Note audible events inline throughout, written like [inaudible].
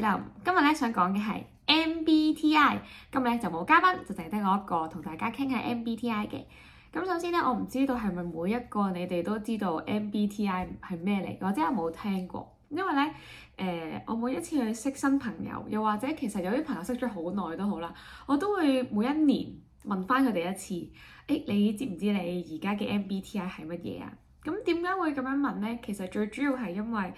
今日咧想講嘅係 MBTI，今日咧就冇嘉賓，就剩得我一個同大家傾下 MBTI 嘅。咁首先咧，我唔知道係咪每一個你哋都知道 MBTI 係咩嚟，或者有冇聽過？因為咧，誒、呃，我每一次去識新朋友，又或者其實有啲朋友識咗好耐都好啦，我都會每一年問翻佢哋一次，誒、欸，你知唔知你而家嘅 MBTI 係乜嘢啊？咁點解會咁樣問咧？其實最主要係因為。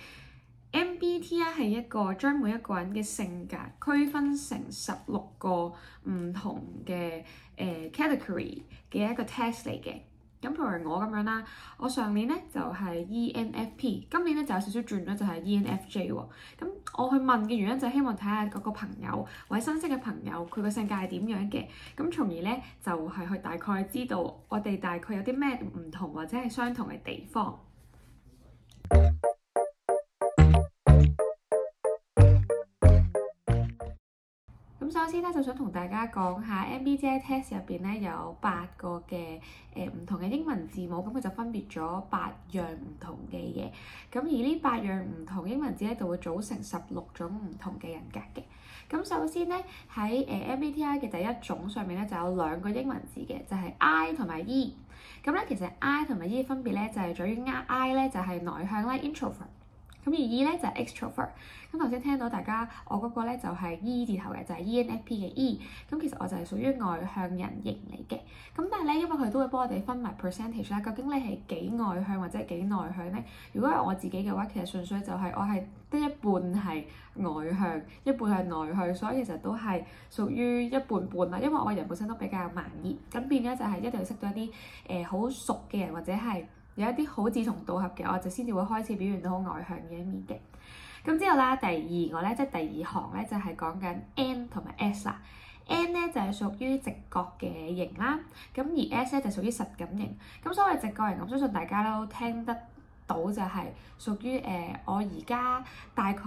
MBTI 係一個將每一個人嘅性格區分成十六個唔同嘅誒、uh, category 嘅一個 test 嚟嘅。咁譬如我咁樣啦，我上年咧就係、是、ENFP，今年咧就有少少轉咗就係、是、ENFJ 喎。咁我去問嘅原因就係希望睇下嗰個朋友，或者新識嘅朋友佢個性格係點樣嘅，咁從而咧就係、是、去大概知道我哋大概有啲咩唔同或者係相同嘅地方。首先咧就想同大家講下 MBTI test 入邊咧有八個嘅誒唔同嘅英文字母，咁佢就分別咗八樣唔同嘅嘢，咁而呢八樣唔同英文字咧就會組成十六種唔同嘅人格嘅。咁首先咧喺誒、呃、MBTI 嘅第一種上面咧就有兩個英文字嘅，就係、是、I 同埋 E。咁咧其實 I 同埋 E 分別咧就係在於 I 咧就係、是、內向啦，introvert。咁而 E 咧就係、是、extrovert，咁頭先聽到大家我嗰個咧就係 E 字頭嘅，就係、是、ENFP 嘅 E。咁其實我就係屬於外向人型嚟嘅。咁但係咧，因為佢都會幫我哋分埋 percentage 啦，究竟你係幾外向或者幾內向咧？如果係我自己嘅話，其實純粹就係我係得一半係外向，一半係內向，所以其實都係屬於一半半啦。因為我個人本身都比較慢熱，咁變咧就係一定要識到一啲誒好熟嘅人或者係。有一啲好志同道合嘅，我就先至會開始表現到好外向嘅一面嘅。咁之後啦，第二個咧即係第二行咧就係講緊 N 同埋 S 啦。N 咧就係、是、屬於直覺嘅型啦，咁而 S 咧就是、屬於實感型。咁所謂直覺型，咁相信大家都聽得到就係屬於誒、呃、我而家大概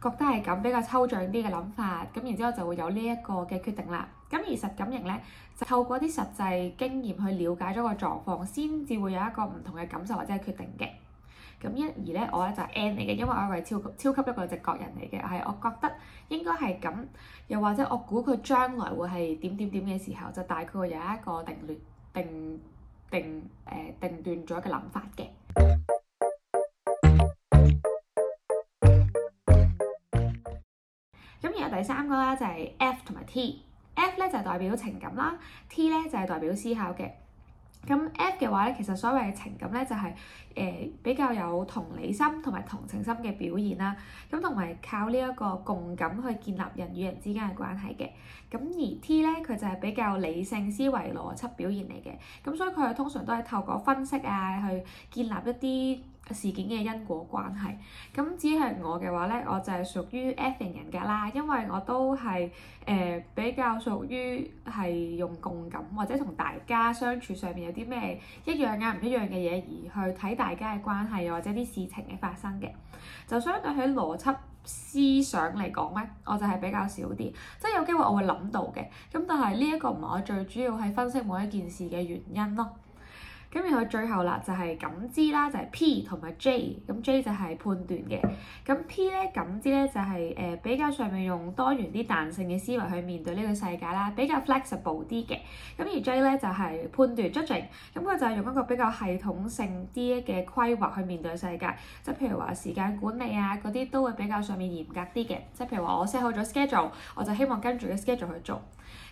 覺得係咁比較抽象啲嘅諗法。咁然之後就會有呢一個嘅決定啦。咁而實感型咧，就透過啲實際經驗去了解咗個狀況，先至會有一個唔同嘅感受或者係決定嘅。咁一而咧，我咧就係 N 嚟嘅，因為我係超級超級一個直覺人嚟嘅，係我覺得應該係咁，又或者我估佢將來會係點點點嘅時候，就大概會有一個定斷定定誒定斷咗嘅諗法嘅。咁然後第三個啦，就係 F 同埋 T。F 咧就係代表情感啦，T 咧就係代表思考嘅。咁 F 嘅話咧，其實所謂嘅情感咧就係、是、誒、呃、比較有同理心同埋同情心嘅表現啦。咁同埋靠呢一個共感去建立人與人之間嘅關係嘅。咁而 T 咧，佢就係比較理性思維邏輯表現嚟嘅。咁所以佢通常都係透過分析啊，去建立一啲事件嘅因果關係，咁至於我嘅話呢，我就係屬於 F 型人格啦，因為我都係誒、呃、比較屬於係用共感或者同大家相處上面有啲咩一樣啊、唔一樣嘅嘢而去睇大家嘅關係，或者啲事情嘅發生嘅。就相對喺邏輯思想嚟講呢，我就係比較少啲，即係有機會我會諗到嘅，咁但係呢一個唔係我最主要係分析每一件事嘅原因咯。咁然後最後啦，就係感知啦，就係、是、P 同埋 J。咁 J 就係判斷嘅，咁 P 咧感知咧就係、是、誒、呃、比較上面用多元啲彈性嘅思維去面對呢個世界啦，比較 flexible 啲嘅。咁而 J 咧就係、是、判斷 judging，咁佢就係用一個比較系統性啲嘅規劃去面對世界，即係譬如話時間管理啊嗰啲都會比較上面嚴格啲嘅。即係譬如話我 set 好咗 schedule，我就希望跟住個 schedule 去做。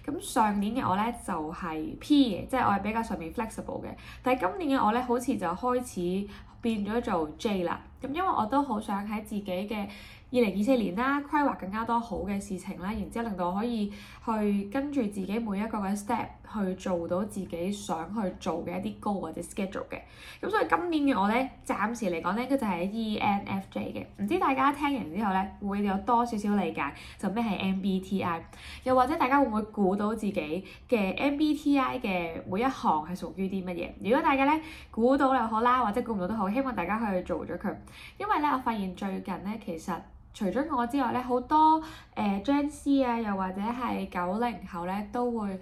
咁上年嘅我咧就係、是、P 嘅，即係我係比較上面 flexible 嘅。今年嘅我咧，好似就開始變咗做 J 啦。咁因為我都好想喺自己嘅，二零二四年啦，規劃更加多好嘅事情啦。然之後令到我可以去跟住自己每一個嘅 step 去做到自己想去做嘅一啲 goal 或者 schedule 嘅。咁、嗯、所以今年嘅我呢，暫時嚟講咧，佢就係、是、E N F J 嘅。唔知大家聽完之後呢，會有多少少理解就咩係 M B T I，又或者大家會唔會估到自己嘅 M B T I 嘅每一行係屬於啲乜嘢？如果大家呢，估到又好啦，或者估唔到都好，希望大家去做咗佢，因為呢，我發現最近呢，其實～除咗我之外咧，好多誒 Gen Z 啊，又或者係九零後咧，都會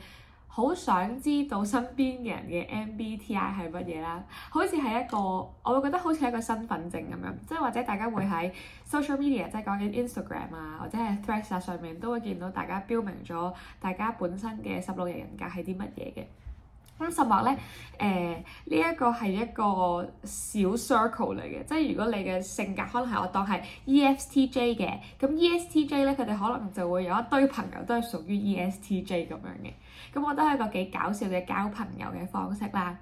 好想知道身邊嘅人嘅 MBTI 係乜嘢啦。好似係一個，我會覺得好似係一個身份證咁樣，即係或者大家會喺 social media，即係講緊 Instagram 啊，或者係 Threads 啊上面，都會見到大家標明咗大家本身嘅十六型人格係啲乜嘢嘅。咁實物咧，誒呢一、呃這個係一個小 circle 嚟嘅，即係如果你嘅性格可能係我當係 ESTJ 嘅，咁 ESTJ 咧佢哋可能就會有一堆朋友都係屬於 ESTJ 咁樣嘅，咁我都係一個幾搞笑嘅交朋友嘅方式啦。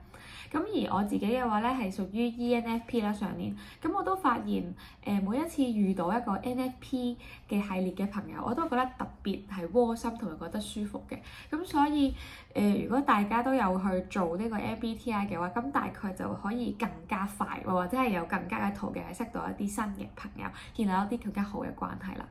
咁而我自己嘅話咧，係屬於 ENFP 啦，上年咁我都發現，誒、呃、每一次遇到一個 NFP 嘅系列嘅朋友，我都覺得特別係窩心同埋覺得舒服嘅。咁所以誒、呃，如果大家都有去做呢個 MBTI 嘅話，咁大概就可以更加快，或者係有更加嘅途徑係識到一啲新嘅朋友，建立一啲更加好嘅關係啦。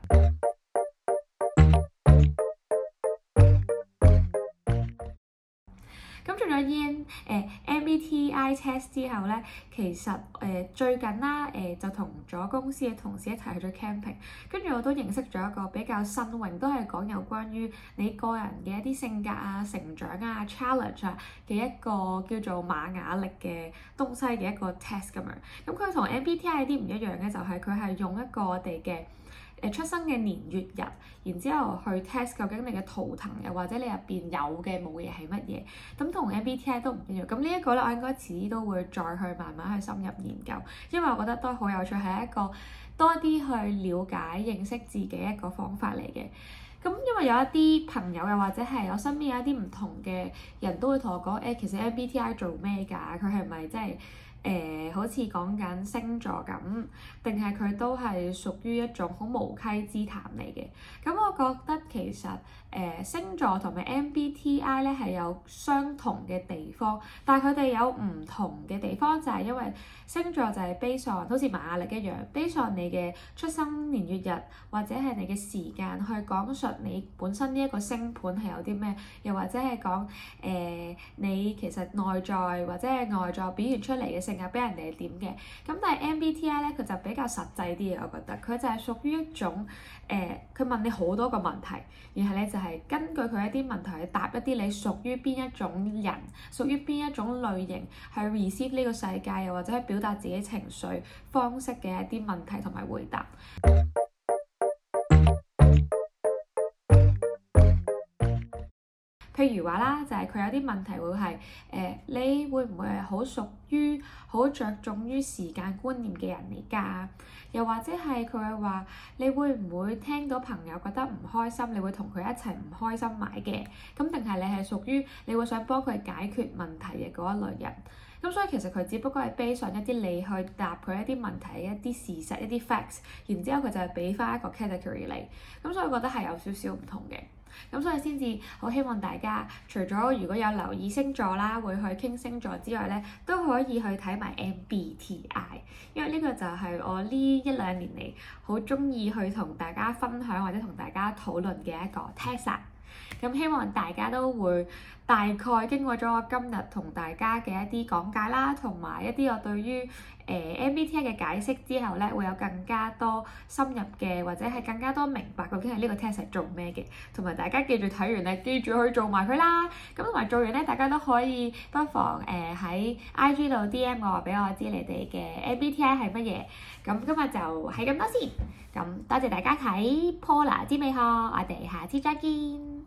咁做咗 e 啲誒、呃、MBTI test 之後咧，其實誒、呃、最近啦誒、呃、就同咗公司嘅同事一齊去咗 camping，跟住我都認識咗一個比較新穎，都係講有關於你個人嘅一啲性格啊、成長啊、challenge 啊嘅一個叫做馬雅力嘅東西嘅一個 test 咁樣。咁佢同 MBTI 啲唔一樣嘅就係佢係用一個我哋嘅。出生嘅年月日，然之後去 test 究竟你嘅圖騰又或者你入邊有嘅冇嘢係乜嘢，咁同 MBTI 都唔一樣。咁呢一個呢，我應該遲啲都會再去慢慢去深入研究，因為我覺得都好有趣，係一個多啲去了解認識自己一個方法嚟嘅。咁因為有一啲朋友又或者係我身邊有一啲唔同嘅人都會同我講，誒、哎、其實 MBTI 做咩㗎？佢係咪係真係？誒、呃、好似講緊星座咁，定係佢都係屬於一種好無稽之談嚟嘅？咁我覺得其實誒、呃、星座同埋 MBTI 咧，係有相同嘅地方，但係佢哋有唔同嘅地方，就係、是、因為星座就係 based on 好似瑪雅曆一樣 based on 你嘅出生年月日或者係你嘅時間去講述你本身呢一個星盤係有啲咩，又或者係講誒你其實內在或者係外在表現出嚟嘅性。又俾人哋係點嘅？咁但係 MBTI 咧，佢就比較實際啲嘅，我覺得。佢就係屬於一種誒，佢、呃、問你好多個問題，然後咧就係、是、根據佢一啲問題去答一啲你屬於邊一種人，屬於邊一種類型，去 receive 呢個世界，又或者去表達自己情緒方式嘅一啲問題同埋回答。 [noise] 譬如話啦，就係、是、佢有啲問題會係誒、呃，你會唔會係好屬於好着重於時間觀念嘅人嚟㗎？又或者係佢會話你會唔會聽到朋友覺得唔開心，你會同佢一齊唔開心買嘅？咁定係你係屬於你會想幫佢解決問題嘅嗰一類人？咁所以其實佢只不過係 base 上一啲你去答佢一啲問題、一啲事實、一啲 facts，然之後佢就係俾翻一個 category 你。咁所以我覺得係有少少唔同嘅。咁所以先至好希望大家除咗如果有留意星座啦，會去傾星座之外呢，都可以去睇埋 MBTI，因為呢個就係我呢一兩年嚟好中意去同大家分享或者同大家討論嘅一個 test。咁希望大家都會。大概經過咗我今日同大家嘅一啲講解啦，同埋一啲我對於誒、呃、MBTI 嘅解釋之後咧，會有更加多深入嘅，或者係更加多明白究竟係呢個 test 係做咩嘅。同埋大家記住睇完咧，記住可以做埋佢啦。咁同埋做完咧，大家都可以不妨誒喺、呃、IG 度 DM 我，俾我我知你哋嘅 MBTI 係乜嘢。咁今日就係咁多先。咁多謝大家睇 Paula，美學，我哋下次再見。